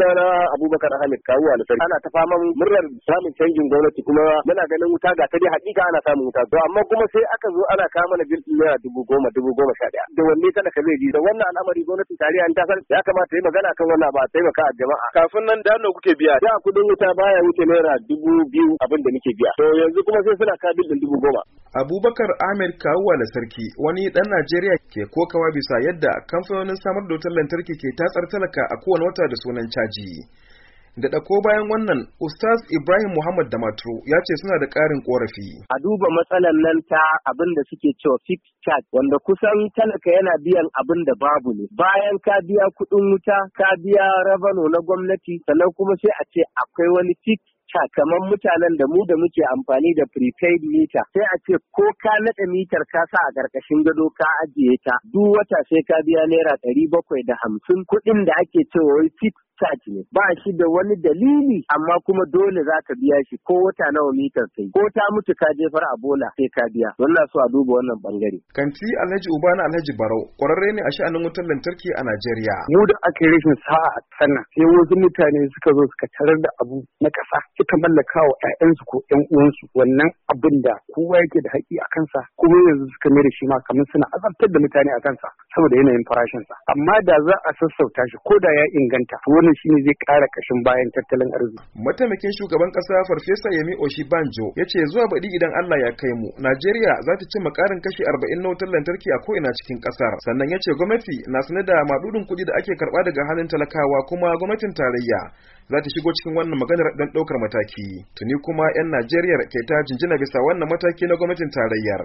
sunana Abubakar Ahmed Kawu Alfari ana ta faman murnar samun canjin gwamnati kuma muna ganin wuta ga ta dai hakika ana samun wuta to amma kuma sai aka zo ana kawo mana jirgin naira dubu goma dubu goma sha daya da wanne kana ka zai ji da wannan al'amari gwamnatin tarayya an tasar ya kamata yi magana kan wannan ba taimaka a jama'a kafin nan da kuke biya da kudin wuta baya wuce naira dubu biyu abin da nake biya to yanzu kuma sai suna kabil dubu goma abubakar Ahmed kawuwa da sarki wani dan najeriya ke kokawa bisa yadda kamfanonin samar da wutar lantarki ke tatsar talaka a kowane wata da sunan caji da dako bayan wannan ustaz ibrahim muhammad da maturu ya ce suna da ƙarin korafi a duba matsalar nan ta abin da suke cewa fix charge wanda kusan talaka yana biyan abin da babu ne bayan ka biya kuɗin wuta ka biya rabano na gwamnati sannan kuma sai a ce akwai wani fix ca kamar mutanen da mu da muke amfani da prepaid meter sai a ce ko ka naɗa mitar ka sa a ƙarƙashin gado ka ajiye ta duk wata sai ka biya naira ɗari bakwai da hamsin kuɗin da ake cewa wai fit discharge ne ba shi da wani dalili amma kuma dole za ka biya shi ko wata nawa mitar sai ko ta mutu ka jefar a bola sai ka biya don na so a duba wannan bangare. kanti alhaji uba na alhaji barau kwararre ne a sha'anin wutar lantarki a najeriya. mu da aka yi rashin sa'a a sana sai wasu mutane suka zo suka tarar da abu na ƙasa suka mallaka wa 'ya'yansu ko 'yan uwansu wannan abin da kowa yake da haƙƙi a kansa kuma yanzu suka mai da shi ma kamar suna azabtar da mutane a kansa saboda yanayin farashinsa amma da za a sassauta shi ko da ya inganta wannan shine zai kara kashin bayan tattalin arziki mataimakin shugaban ƙasa farfesa yemi oshibanjo ya ce zuwa baɗi idan allah ya kai mu najeriya za ta cimma ƙarin kashi arba'in na wutar lantarki a ko'ina cikin ƙasar sannan ya ce gwamnati na sanar da maɗuɗin kuɗi da ake karɓa daga halin talakawa kuma gwamnatin tarayya za ta shigo cikin wannan maganar dan ɗaukar mataki tuni kuma 'yan najeriya ke ta jinjina bisa wannan mataki na gwamnatin tarayyar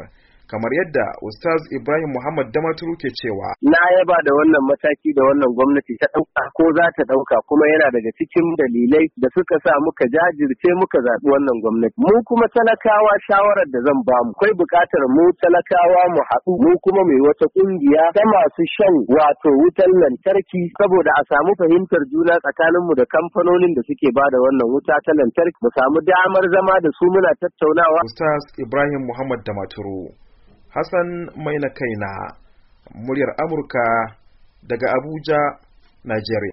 kamar yadda Ustaz Ibrahim Muhammad Damaturu ke cewa. Na yaba da wannan mataki da wannan gwamnati ta ɗauka ko za ta ɗauka kuma yana daga cikin dalilai da suka sa muka jajirce muka zaɓi wannan gwamnati. Mu kuma talakawa shawarar da zan ba mu. kai buƙatar mu talakawa mu haɗu mu kuma mai wata ƙungiya ta masu shan wato wutan lantarki saboda a samu fahimtar juna tsakaninmu da kamfanonin da suke ba da wannan wuta ta lantarki mu samu damar zama da su muna tattaunawa. Ustaz Ibrahim Muhammad Damaturu. Hassan mai Maina Kaina, muryar Amurka daga Abuja, Najeriya.